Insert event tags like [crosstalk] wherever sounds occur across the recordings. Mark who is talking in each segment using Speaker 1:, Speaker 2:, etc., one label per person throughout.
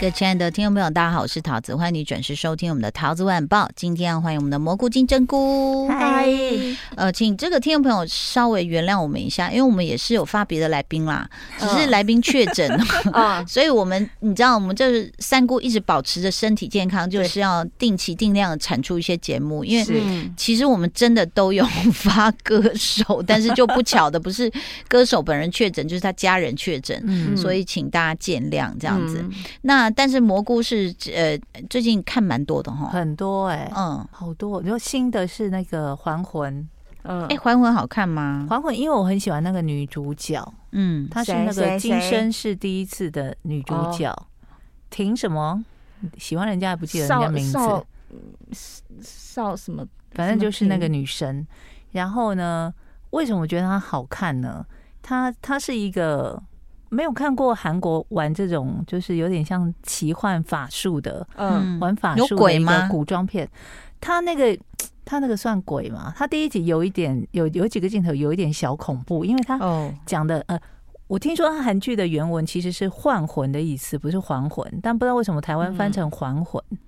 Speaker 1: 各位親愛的聽眾朋友，大家好，我是陶子，歡迎你準時收聽我們的陶子晚報。今天要歡迎我們的蘑菇金針菇。嗨 Hi。呃，請這個聽眾朋友稍微原諒我們一下，因為我們也是有發別的來賓啦，只是來賓確診、oh. [laughs] 所以我們你知道我們這三姑一直保持着身體健康，就是要定期定量產出一些節目，因為其實我們真的都有發歌手，但是就不巧的不是歌手本人確診， [laughs] 就是他家人確診，mm hmm. 所以請大家見諒這樣子。那、mm hmm. 但是蘑菇是呃，最近看蠻多的哈，很多哎、欸，嗯，好多。
Speaker 2: 你說新的是那個還魂、嗯欸《還魂》，嗯，哎，《還魂》好看嗎？《還魂》因為我很喜歡那個女主角，嗯，她是那個《今生是第一次》的女主角，庭、oh, 什麼？喜歡人家還不記得人家名字，少,少,少什麼？什麼反正就是那個女神。然後呢，為什麼我覺得她好看呢？她她是一個。沒有看過韓國玩這種，就是有點像奇幻法術的，嗯，玩法術有鬼嗎？古裝片，他那個他那個算鬼嗎？他第一集有一點有有幾個鏡頭有一點小恐怖，因為他講的、oh. 呃，我聽說他韓劇的原文其實是“換魂”的意思，不是“還魂”，但不知道為什麼台灣翻成“還魂”。嗯。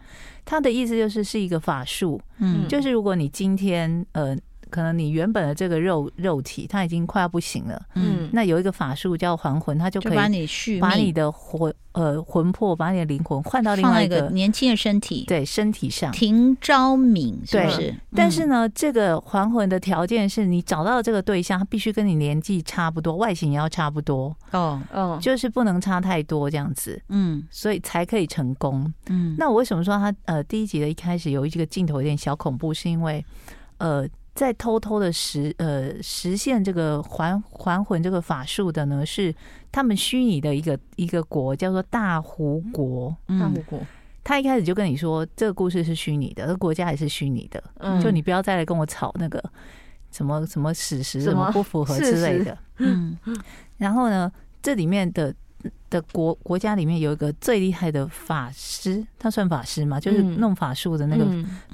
Speaker 2: 他的意思就是是一個法術，嗯，就是如果你今天呃。可能你原本的這個肉肉體，它已經快要不行了。嗯，那有一個法術叫還魂，它就可以把你的魂把你續呃魂魄，把你的靈魂換到另外一個，一個年輕的身體，對身體上。庭沼珉是不是？對嗯、但是呢，這個還魂的條件是你找到這個對象，他必須跟你年紀差不多，外形也要差不多。哦，嗯、哦，就是不能差太多這樣子。嗯，所以才可以成功。嗯，那我為什麼說他呃第一集的一開始有一個鏡頭有點小恐怖，是因為呃。在偷偷的實呃實現這個還還魂這個法術的呢，是他們虛擬的一個一個國，叫做大湖國。大湖國，他一開始就跟你說，這個故事是虛擬的，這個國家也是虛擬的。嗯，就你不要再來跟我吵那個什麼什麼史實，什麼、什麼不符合之類的。事實。嗯。然後呢，這裡面的的國國家裡面有一個最厲害的法師，他算法師嘛，就是弄法術的那個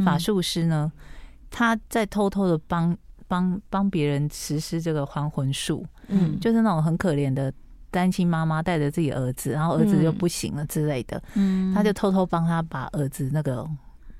Speaker 2: 法術師呢。嗯嗯嗯他在偷偷的幫幫幫別人實施這個還魂術，嗯，就是那種很可憐的單親媽媽帶着自己兒子，然後兒子就不行了之類的，嗯，他就偷偷幫他把兒子那個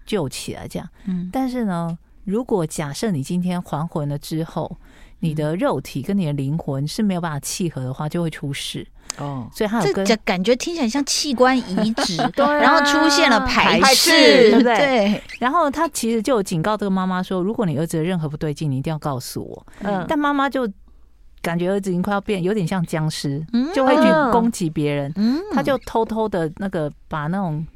Speaker 2: 救起來，這樣。嗯，但是呢，如果假設你今天還魂了之後，你的肉體跟你的靈魂是沒有辦法契合的話，就會出事。哦，oh, 所以他很，跟感覺聽起來像器
Speaker 1: 官移植， [laughs] 對啊，然後出現了排斥，排斥對不對？
Speaker 2: 然後他其實就有警告這個媽媽說，如果你兒子有任何不對勁，你一定要告訴我。嗯，但媽媽就感覺兒子已經快要變有點像僵屍，就會去攻擊別人。嗯，他就偷偷的那個把那種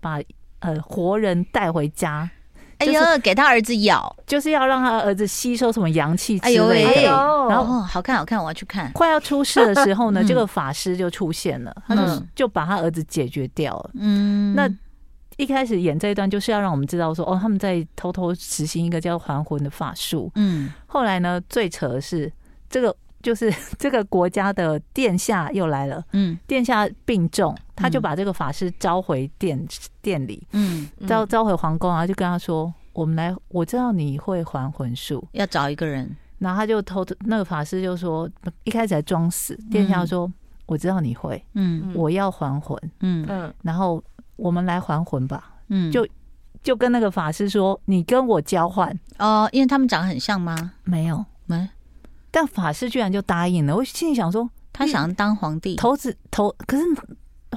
Speaker 2: 把呃活人帶回家。哎呦，給他兒子咬，就是要讓他兒子吸收什麼陽氣之類的。然後哦，好看，好看，我要
Speaker 1: 去看。快要出事的時候呢，這個
Speaker 2: 法師就出現了，他就就把他兒子解決掉了。嗯，那一開始演這一段就是要讓我們知道說，哦，他們在偷偷實行一個叫還魂的法術。嗯，後來呢，最扯的是這個。就是這個國家的殿下又來了，嗯，殿下病重，他就把這個法師召回殿、嗯、殿裡，嗯，召召回皇宮，然後就跟他說：“我們來，我知道你會還魂術，要找一個人。”然後他就偷偷那個法師就說：“一開始還裝死。”殿下說：“嗯、我知道你會，嗯，我要還魂，嗯嗯，然後我們來還魂吧，嗯，就就跟那個法師說：‘你跟我交換。’哦，因為他們長得很像嗎？沒有，沒、嗯。”但法師居然就答應了，我心裡想說，嗯、他想要當皇帝，頭子頭。可是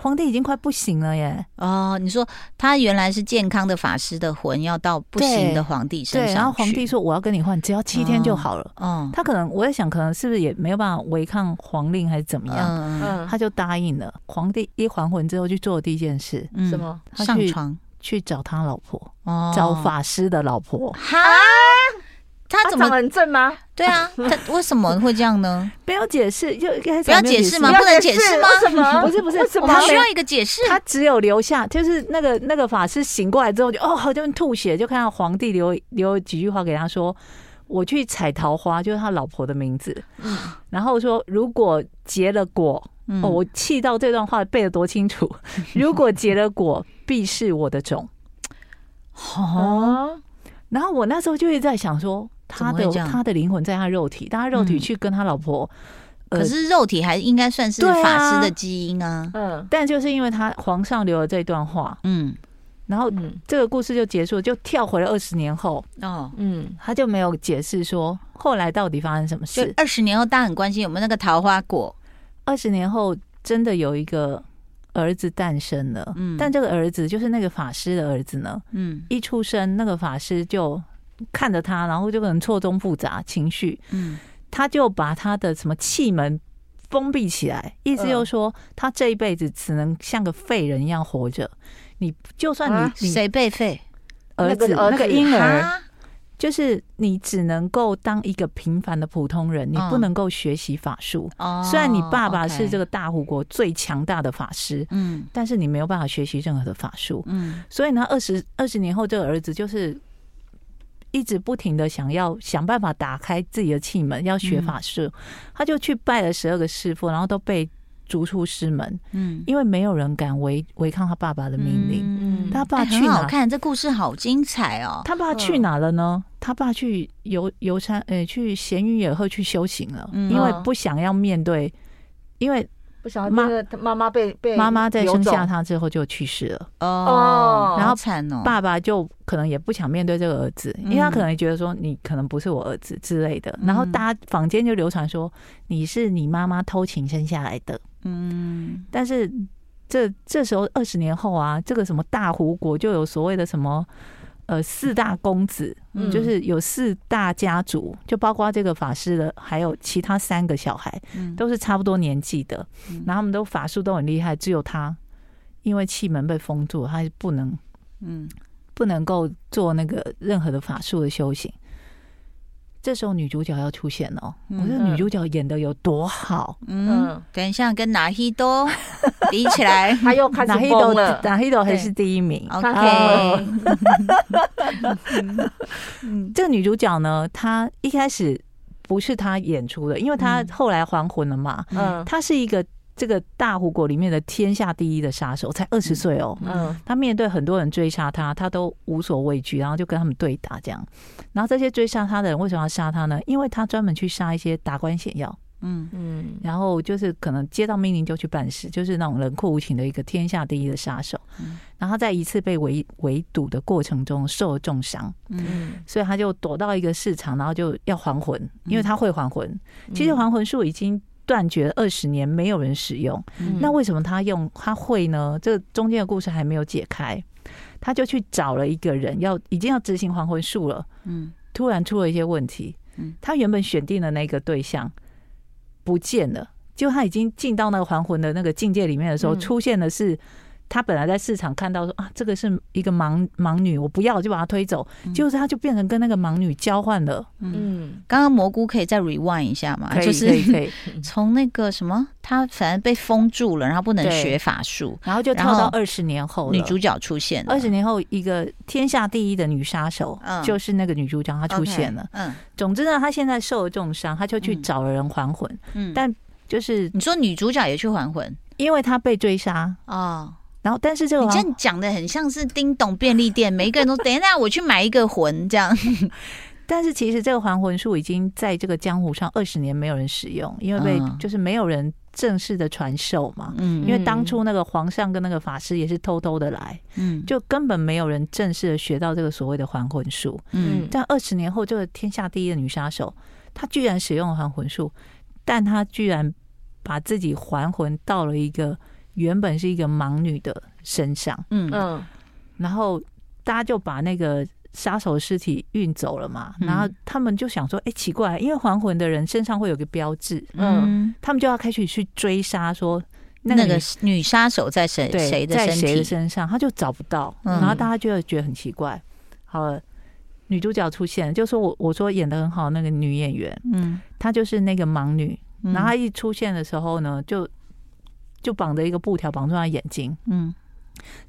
Speaker 2: 皇帝已經快不行
Speaker 1: 了耶。哦，你說他原來是健康的法師的魂，要到不行的皇帝身上去。對，然後皇帝
Speaker 2: 說：“我要跟你換，只要七天就好了。”哦，嗯，他可能，我在想，可能是不是也沒有辦法違抗皇令，還是怎麼樣？嗯嗯，他就答應了。皇帝一還魂之後，去做了第一件事什麼？嗯、他去上床去找他老婆，哦，找法師的老婆。
Speaker 1: 哈他怎麼長得很正嗎？對啊，他為什麼會這樣呢？ [laughs] 不要
Speaker 2: 解釋，就，不要解釋嗎？不能解釋嗎？為什麼？ [laughs] 不是不是 [laughs] 麼，他需要一個解釋。他只有留下，就是那個那個法師醒過來之後，就哦，好像吐血，就看到皇帝留留了幾句話給他說：“我去採桃花，就是他老婆的名字。”然後說：“如果結了果， [laughs] 哦，我氣到這段話背得多清楚。如果結了果，必是我的種。”哦，然後我那時候就會在想說。他的他的靈魂在他肉體，當他肉體去跟他老婆，嗯呃、可是肉體還應該算是法師的基
Speaker 1: 因啊。嗯，
Speaker 2: 但就是因為他皇上留了這一段話，嗯，然後這個故事就結束了，就跳回了二十年後。哦，嗯，他就沒有解釋說後來到底發生什麼事。二十年後，大家很關心有沒有那個桃花果。二十年後，真的有一個兒子誕生了。嗯，但這個兒子就是那個法師的兒子呢。嗯，一出生，那個法師就。看着他，然後就可能錯綜複雜情緒。嗯，他就把他的什麼氣門封閉起來，意思就是說他這一輩子只能像個廢人一樣活着。你就算你，你誰被廢，兒子、那個、那個嬰兒，就是你只能夠當一個平凡的普通人，你不能夠學習法術。哦，雖然你爸爸是這個大湖國最強大的法師，嗯、哦，okay、但是你沒有辦法學習任何的法術。嗯，所以呢，二十二十年後，這個兒子就是。一直不停的想要想辦法打開自己的氣門，要學法術，嗯、他就去拜了十二個師父，然後都被逐出師門。嗯，因為沒有人敢違違抗他爸爸的命令。嗯嗯，他
Speaker 1: 爸去、欸，很好看，這故事好精彩哦。
Speaker 2: 他爸去哪了呢？哦，他爸去遊遊山，呃、欸，去閒雲野鶴去修行了，嗯哦，因為不想要面對，因為。不曉得媽媽，媽媽媽被被媽媽在生下他之後就去世了哦，然後慘爸爸就可能也不想面對這個兒子，嗯、因為他可能覺得說你可能不是我兒子之類的，然後大家坊間就流傳說你是你媽媽偷情生下來的，嗯，但是這這時候二十年後啊，這個什麼大湖國就有所謂的什麼。呃，四大公子，就是有四大家族，嗯，就包括這個法師的，還有其他三個小孩，都是差不多年紀的，嗯，然後他們都法術都很厲害，只有他因為氣門被封住，他是不能，嗯，不能夠做那個任何的法術的修行。這時候女主角要出現哦，我覺得女主角演得有多好。嗯，
Speaker 1: 嗯，等一下跟拿西多
Speaker 2: 比起來，他又開始了。拿西多還是第一名。對 OK，這個女主角呢，她一開始不是她演出的，因為她後來還魂了嘛。嗯，她是一個。這個大湖國裡面的天下第一的殺手，才二十歲哦。嗯，他面對很多人追殺他，他都無所畏懼，然後就跟他們對打這樣。然後這些追殺他的人為什麼要殺他呢？因為他專門去殺一些達官顯要。嗯嗯。然後就是可能接到命令就去辦事，就是那種冷酷無情的一個天下第一的殺手。然後他在一次被圍圍堵的過程中受了重傷。嗯。所以他就躲到一個市場，然後就要還魂，因為他會還魂。其實還魂術已經。斷絕二十年，沒有人使用。那為什麼他用？他會呢？這中間的故事還沒有解開，他就去找了一個人，要已經要執行還魂術了。突然出了一些問題。他原本選定的那個對象不見了，結果他已經進到那個還魂的那個境界裡面的時候，出現的是。他本來在市場看到說啊，這個是一個盲盲女，我不要，我就把她推走。結果，他就變成跟那個盲女交換了。嗯，剛剛蘑菇可以再 rewind 一下嘛？就是
Speaker 1: 從那個什麼，他反正被封住了，然後不能學法
Speaker 2: 術，然後就跳到二十年後，女主角出現。二十年後，一個天下第一的女殺手，就是那個女主角她出現了。嗯，總之呢，她現在受了重傷，她就去找人還魂。嗯，但就是你說女主角也去還魂，因為她被追殺啊。然後，但是
Speaker 1: 這個你這講的很像是叮咚便利店。 [laughs] 每一個人都等一下，我去買一個魂這樣。
Speaker 2: 但是其實這個還魂術已經在這個江湖上二十年沒有人使用，因為被就是沒有人正式的傳授嘛。嗯，因為當初那個皇上跟那個法師也是偷偷的來，嗯，就根本沒有人正式的學到這個所謂的還魂術。嗯，但二十年後，這個天下第一的女殺手，她居然使用了還魂術，但她居然把自己還魂到了一個。原本是一個盲女的身上，嗯，嗯然後大家就把那個殺手的屍體運走了嘛，嗯、然後他們就想說，哎，奇怪，因為還魂的人身上會有個標誌，嗯，嗯，他們就要開始去追殺說，說那個女殺手在誰誰的身上，他就找不到，然後大家就覺得很奇怪。嗯、好了，女主角出現，就說我我說演得很好，那個女演員，嗯，她就是那個盲女，嗯、然後她一出現的時候呢，就。就綁着一個布條綁住他眼睛，嗯，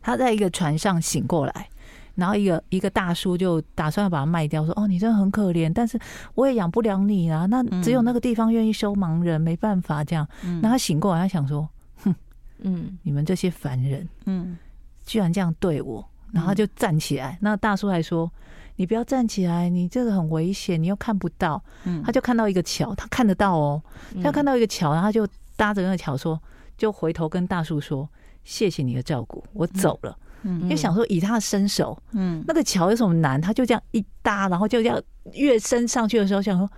Speaker 2: 他在一個船上醒過來，然後一個一個大叔就打算要把他賣掉，說：“哦，你真的很可憐，但是我也養不了你啊，那只有那個地方願意收盲人，嗯、沒辦法這樣。嗯”那他醒過來，他想說：“哼，嗯，你們這些凡人，嗯，居然這樣對我。”然後他就站起來。嗯、那大叔還說：“你不要站起來，你這個很危險，你又看不到。嗯”他就看到一個橋，他看得到哦、喔，他看到一個橋，然後他就搭着那個橋說。就回頭跟大叔說：“謝謝你的照顧，我走
Speaker 1: 了。”嗯，因為想說
Speaker 2: 以他的身手，嗯，那個橋有什麼難？他就這樣一搭，然後就這樣越升上去的時候，想說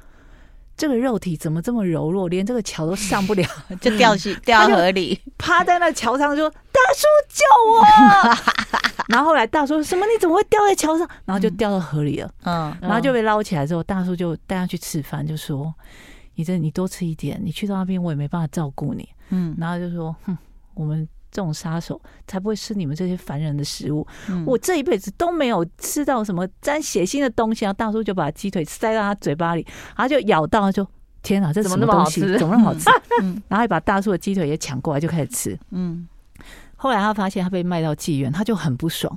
Speaker 2: 這個肉體怎麼這麼柔弱，連這個橋都上不了，就掉去掉河裡，趴在那橋上說：“大叔救我！”然後後來大叔說什麼？你怎麼會掉在橋上？然後就掉到河裡了。嗯，然後就被撈起來之後，大叔就帶他去吃飯，就說。你這，你多吃一點。你去到那邊，我也沒辦法照顧你。嗯，然後就說，哼，我們這種殺手才不會吃你們這些凡人的食物。嗯、我這一輩子都沒有吃到什麼沾血腥的東西啊！然後大叔就把雞腿塞到他嘴巴裡，然後就咬到，就天哪，這麼怎麼那麼好吃，怎麼那麼好吃？ [laughs] [laughs] 然後把大叔的雞腿也搶過來，就開始吃。嗯。後來他發現他被賣到妓院，他就很不爽，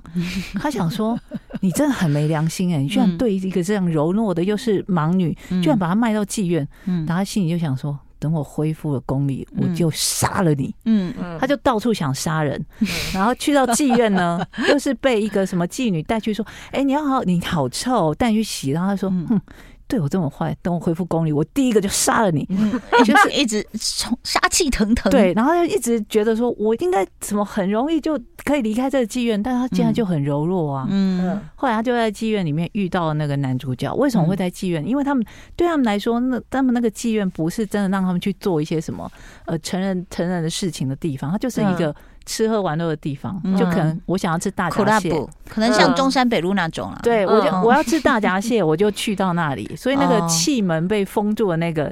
Speaker 2: 他想說：“你真的很沒良心哎、欸！你、嗯、居然對一個這樣柔弱的又是盲女，嗯、居然把她賣到妓院。”嗯，然後他心裡就想說：“等我恢復了功力，我就殺了你。嗯”嗯嗯，他就到處想殺人，然後去到妓院呢，嗯、又是被一個什麼妓女帶去說：“哎、欸，你要好，你好臭，帶你去洗。”然後他說：“哼、嗯。”對我這麼壞，等我恢復功力，我第一個就殺了你， [laughs] 就是一直從殺氣騰騰。對，然後就一直覺得說我應該怎麼很容易就可以離開這個妓院，但他竟然就很柔弱啊。嗯，嗯後來他就在妓院裡面遇到了那個男主角。為什麼會在妓院？嗯、因為他們對他們來說，那他們那個妓院不是真的讓他們去做一些什麼呃，成人成人的事情的地方，他就是一個。嗯吃喝玩樂的地方，就可能我想要吃大閘蟹，可能像中山北路那種了。對我就我要吃大閘蟹，我就去到那裡。所以那個氣門被封住的那個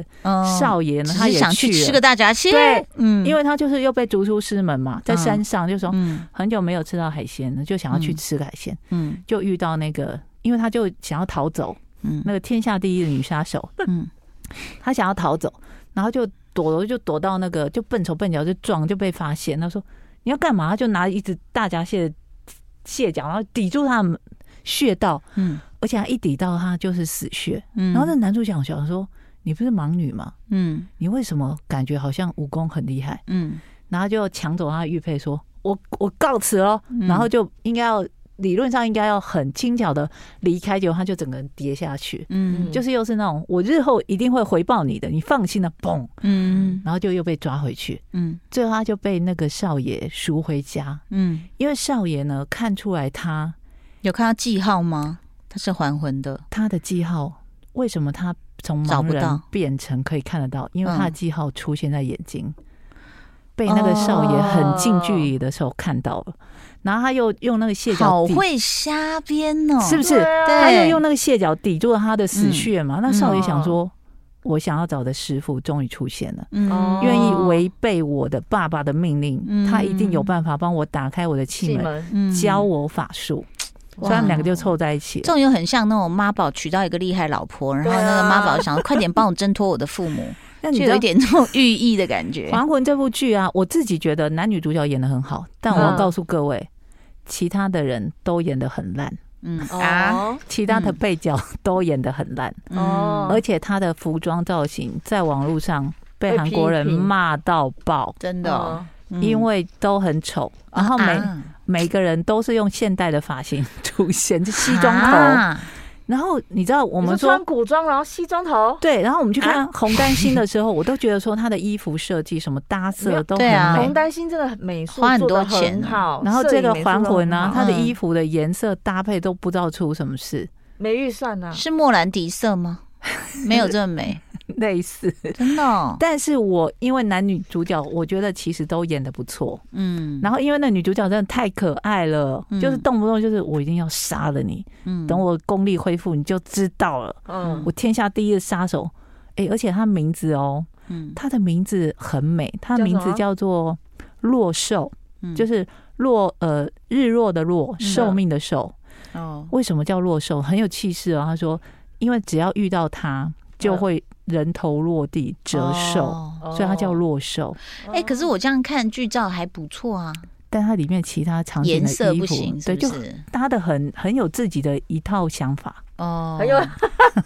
Speaker 2: 少爺呢，他也想去吃個大閘蟹。對，嗯，因為他就是又被逐出師門嘛，在山上就說很久沒有吃到海鮮了，就想要去吃海鮮。嗯，就遇到那個，因為他就想要逃走。嗯，那個天下第一的女殺手，嗯，他想要逃走，然後就躲就躲到那個就笨手笨腳就撞就被發現。他說。你要幹嘛？他就拿一隻大閘蟹的蟹腳，然後抵住他們穴道。嗯，而且他一抵到他就是死穴。嗯，然後那男主角想說：“你不是盲女嗎？嗯，你為什麼感覺好像武功很厲害？”嗯，然後就搶走他玉佩，說：“我我告辭了”。然後就應該要。理論上應該要很輕巧的離開，結果他就整個跌下去。嗯，就是又是那種我日後一定會回報你的，你放心的，嘣，嗯，然後就又被抓回去。嗯，最後他就被那個少爺贖回家。嗯，因為少爺呢看出來他有看到記號嗎？他是還魂的，他的記號為什麼他從找不到變成可以看得到？因為他的記號出現在眼睛。
Speaker 1: 被那個少爺很近
Speaker 2: 距離的時候看到了，然後他又用那個蟹腳好會瞎編哦，是不是？他又用那個蟹腳抵住了他的死穴嘛？那少爺想說，我想要找的師父終於出現了，願意違背我的爸爸的命令，他一定有辦法幫我打開我的氣門，教我法術。所以他們兩個就湊在一起，這種又很像那種媽寶娶到一個厲害老婆，然後那個媽寶想要快點
Speaker 1: 幫我掙脫我的父母。讓你有一點這種寓意的感覺。《還
Speaker 2: 魂》這部劇啊，我自己覺得男女主角演的很好，但我要告訴各位，其他的人都演的很爛。
Speaker 1: 嗯，
Speaker 2: 其他的配角都演的很爛。哦，而且他的服裝造型在網絡上被韓國人罵到爆，真的，因為都很醜。然後每每個人都是用現代的髮型出現，這西裝頭。然後你知道我們穿古裝，然後西裝頭，對，然後我們去看紅丹心的時候，我都覺得說他的衣服設計什麼搭色都對啊，紅丹心真的很美，花很多錢，然後這個還魂呢、啊，他的衣服的顏色搭配都不知道出什麼事，沒預算啊。是莫
Speaker 1: 蘭迪色嗎？.沒有這麼美，
Speaker 2: [laughs] 類似真的，哦。 [laughs] 但是我因為男女主角，我覺得其實都演得不錯。嗯，然後因為那女主角真的太可愛了，嗯，就是動不動就是我一定要殺了你。嗯，等我功力恢復，你就知道了。嗯，我天下第一的殺手。哎，而且她名字哦，喔，他她的名字很美，她的，的名字叫做落壽，就是落，呃，日落的落，壽命的壽。哦，為什麼叫落壽？很有氣勢哦。他說。因為只要遇到他，就會人頭落地折壽，哦、所以它叫落壽。
Speaker 1: 哎、欸，可是我這樣看劇照還不錯啊，
Speaker 2: 但它裡面其他場景的顏色不行，是不是？對，就搭的很很有自己的一套想法
Speaker 1: 哦，很有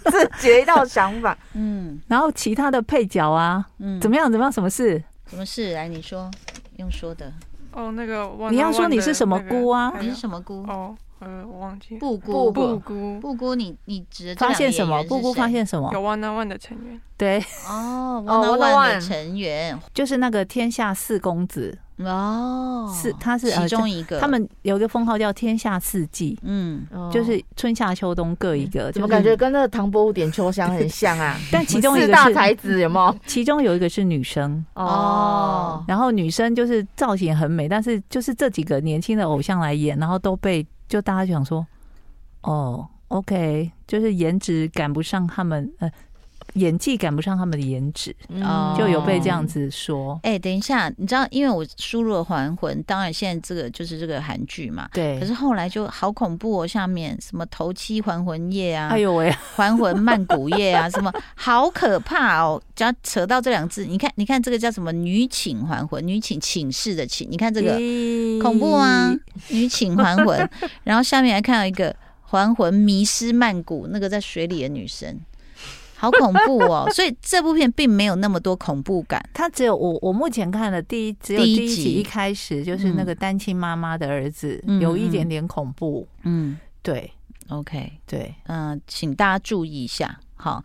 Speaker 1: 自己的一套想法。嗯，
Speaker 2: 然後其他的配角啊，嗯，怎麼樣？怎麼樣？什麼事？
Speaker 1: 什麼事？來你說，用說的哦，那個忘了忘了你要說你是什麼姑啊？你是什麼姑？哦。呃，我忘記布姑、布姑、布姑，你你指發現什麼？布姑發現什麼？有 Wanna One 的成員，對哦，Wanna One 的成員
Speaker 2: 就是那個天下四公子哦，是他是其中一個，他們有個封號叫天下四季，嗯，就是春夏秋冬各一個。怎麼感覺跟那個唐伯虎點秋香很像啊？但其中一個是四大才子有沒有？其中有一個是女生哦，然後女生就是造型很美，但是就是這幾個年輕的偶像來演，然後都被。就大家想說，哦，OK，就是顏值趕不上他們，呃。演技趕不上他們的顏值，嗯、就有被這樣子說。哎、
Speaker 1: 欸，等一下，你知道，因為我輸入了還魂，當然現在這個就是這個韓劇嘛。對。可是後來就好恐怖哦，下面什麼頭七還魂夜啊，哎呦喂，還魂曼谷夜啊， [laughs] 什麼好可怕哦！只要扯到這兩字，你看，你看這個叫什麼女寢還魂，女寢寢室的寢，你看這個耶恐怖啊，女寢還魂。 [laughs] 然後下面還看到一個還魂迷失曼谷，那個在水裡的女生。 [laughs] 好恐怖哦！所以這部片並沒有那麼多恐怖感， [laughs] 他只
Speaker 2: 有我我目前看的第一，只有第一集一開始就是那個單親媽媽的兒子、嗯、有一點點恐怖。嗯，嗯，對，OK，對，嗯，請大家注
Speaker 1: 意一下，好。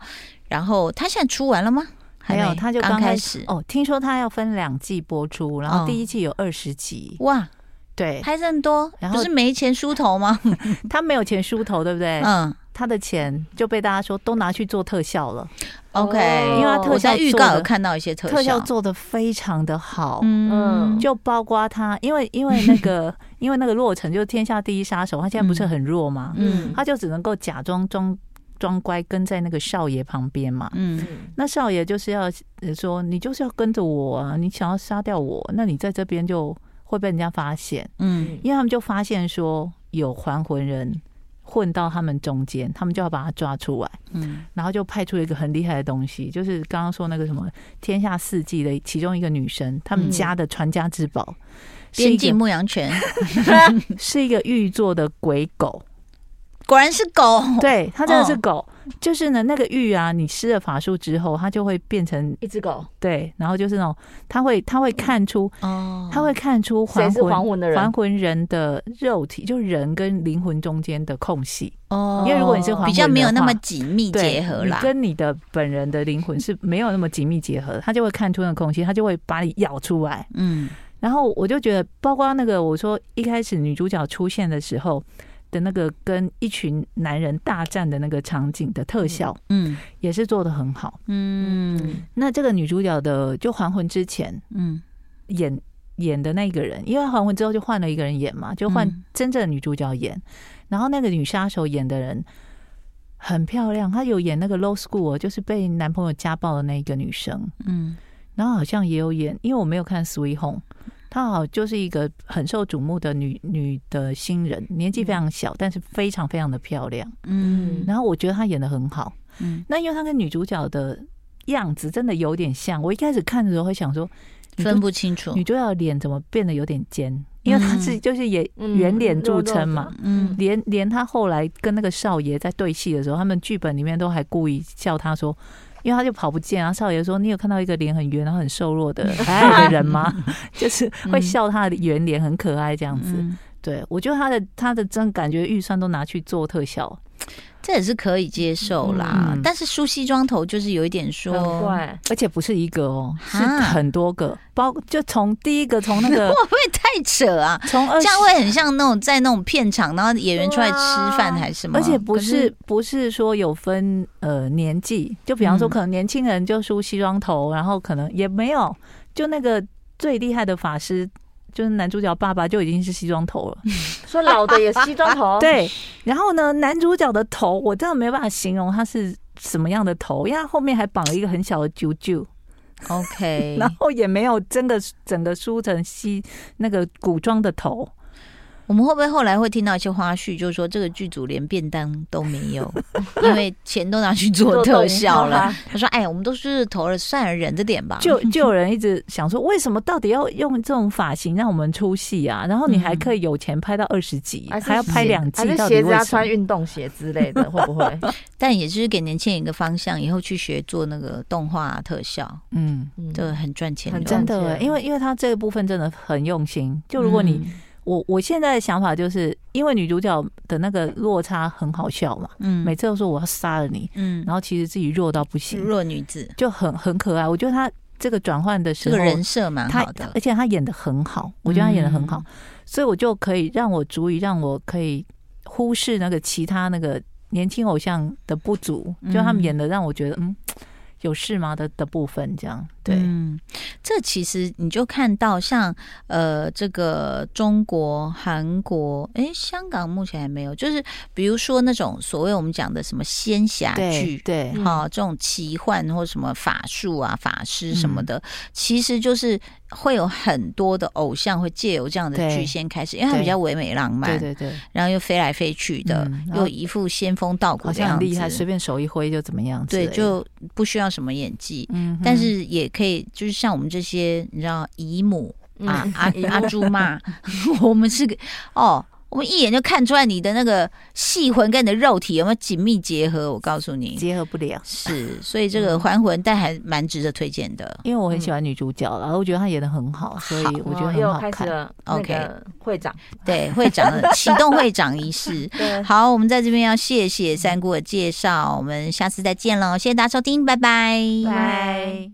Speaker 1: 然後他現在出完了嗎？還有，他就剛開始。哦，聽說
Speaker 2: 他要分兩季播出，然後第一季有二十集。哦、對 哇，對，拍這麼多，不是沒錢梳頭嗎？ [laughs] [laughs] 他沒有錢梳頭，對不對？嗯。他的錢就被大家說都拿去做特效了。OK，因為他特效預告有看到一些特效，特效做的非常的好。嗯，就包括他，因為因為那個 [laughs] 因為那個洛成就是天下第一殺手，他現在不是很弱嘛。嗯，嗯，他就只能夠假裝裝裝乖，跟在那個少爺旁邊嘛。嗯，那少爺就是要說你就是要跟着我啊，你想要殺掉我，那你在這邊就會被人家發現。嗯，因為他們就發現說有還魂人。混到他們中間，他們就要把他抓出來。嗯，然後就派出一個很厲害的東西，就是剛剛說那個什麼天下四季的其中一個女生，他們家的傳家之寶——邊境牧羊犬，是一個玉做 [laughs] 的鬼狗。果然是狗，對，它真的是狗。哦，就是呢，那個玉啊，你施了法術之後，它就會變成一隻狗。對，然後就是那種，它會，它會看出，哦，它會看出還魂，還魂的人，還魂人的肉體，就人跟靈魂中間的空隙。哦，因為如果你是還魂比較沒有那麼緊密結合，你跟你的本人的靈魂是沒有那麼緊密結合的，它就會看出那個空隙，它就會把你咬出來。嗯，然後我就覺得，包括那個我說一開始女主角出現的時候。的那個跟一群男人大戰的那個場景的特效嗯，嗯，也是做得很好，嗯。那這個女主角的就還魂之前，嗯，演演的那個人，因為還魂之後就換了一個人演嘛，就換真正的女主角演。嗯，然後那個女殺手演的人很漂亮，她有演那個 low school，就是被男朋友家暴的那個女生，嗯。然後好像也有演，因為我沒有看 Sweet Home，她好像就是一個很受矚目的女女的新人，年紀非常小，但是非常非常的漂亮。嗯，然後我覺得她演得很好。嗯，那因為她跟女主角的樣子真的有點像，我一開始看的時候會想說分不清楚。女主角的臉怎麼變得有點尖？因為她是就是也圓、嗯、臉著稱嘛。肉肉肉，嗯，連連她後來跟那個少爺在對戲的時候，他們劇本裡面都還故意叫她說。因為他就跑不見啊！少爺說：“你有看到一個臉很圓、然後很瘦弱的一個人嗎？ [laughs] 就是會笑，他的圓臉很可愛，這樣子。對，我覺得他的他的真的感覺，預算都拿去做特效。”這也是可以接受啦，嗯、但
Speaker 1: 是梳西裝頭就是有一點說，嗯、怪
Speaker 2: 而且不是一個哦，是很多個，啊、
Speaker 1: 包括就從第一個從那個會不會太扯啊？從二這樣會很像那種在那種片場，然後演員出來吃飯還是什麼？而且不是,是
Speaker 2: 不是說有分呃年紀，就比方說可能年輕人就梳西裝頭，嗯、然後可能也沒有，就那個最厲害的法師。就是男主角爸爸就已經是西裝頭了，嗯，說老的也是西裝頭。 [laughs] 對，然後呢，男主角的頭我真的沒有辦法形容他是什麼樣的頭，因為他後面還綁了一個很小的啾啾，OK， [laughs] 然後也沒有真的整個梳成西那個古裝的頭。我們會不
Speaker 1: 會後來會聽到一些花絮，就是說這個劇組連便當都沒有， [laughs] 因為錢都拿去做特效了。啊、他說：“哎我們都是投了，算了，忍着點吧。就”就
Speaker 2: 就有人一直想說，為什麼到底要用這種髮型讓我們出戲啊？然後你還可以有錢拍到二十集，嗯、還要拍兩季，還是鞋子要穿
Speaker 1: 運動鞋之類的，會不會？但也是給年輕人一個方向，以後去學做那個動畫特效，嗯，這個很賺錢的，很真的，因
Speaker 2: 為因為他這個部分真的很用心。就如果你。嗯我我現在的想法就是因為女主角的那個落差很好笑嘛，嗯，每次都說我要殺了你，嗯，然後其實自己弱到不行，弱女子就很很可愛。我覺得她這個轉換的時候，這個人設蠻好的，而且她演得很好，我覺得她演得很好，所以我就可以讓我足以讓我可以忽視那個其他那個年輕偶像的不足，就他們演得讓我覺得嗯。有事嗎？的的部分，這樣對。嗯，這
Speaker 1: 其實你就看到像呃，這個中國、韓國，誒，香港目前還沒有。就是比如說那種所謂我們講的什麼仙俠劇，對，哈、哦，這種奇幻或什麼法術啊、法師什麼的，嗯、其實就是。會有很多的偶像會借由這樣的劇先開始，因為它比較唯美浪漫，對，對對對，然後又飛來飛去的，嗯，又一副仙風道骨，好像很厲害，隨
Speaker 2: 便手一揮就怎麼樣，對，就
Speaker 1: 不需要什麼演技，嗯
Speaker 2: 哼，但是
Speaker 1: 也可以，就是像我們這些，你知道，姨母啊，阿阿朱嘛，我們是個哦。我們一眼就看出來你的那個戲魂跟你的肉體有沒有緊密結合？我告訴你，結合不了。是，所以這個還魂但還蠻值得推薦的，嗯、因為我很喜歡女主角，然後我覺得她演得很好，所以我覺得很好看。OK，< 好 S 1>、嗯、會長，Okay 對會長的啟動會長儀式。 [laughs] 對 好，我們在這邊要謝謝三姑的介紹，我們下次再見囉，謝謝大家收聽，拜拜，拜。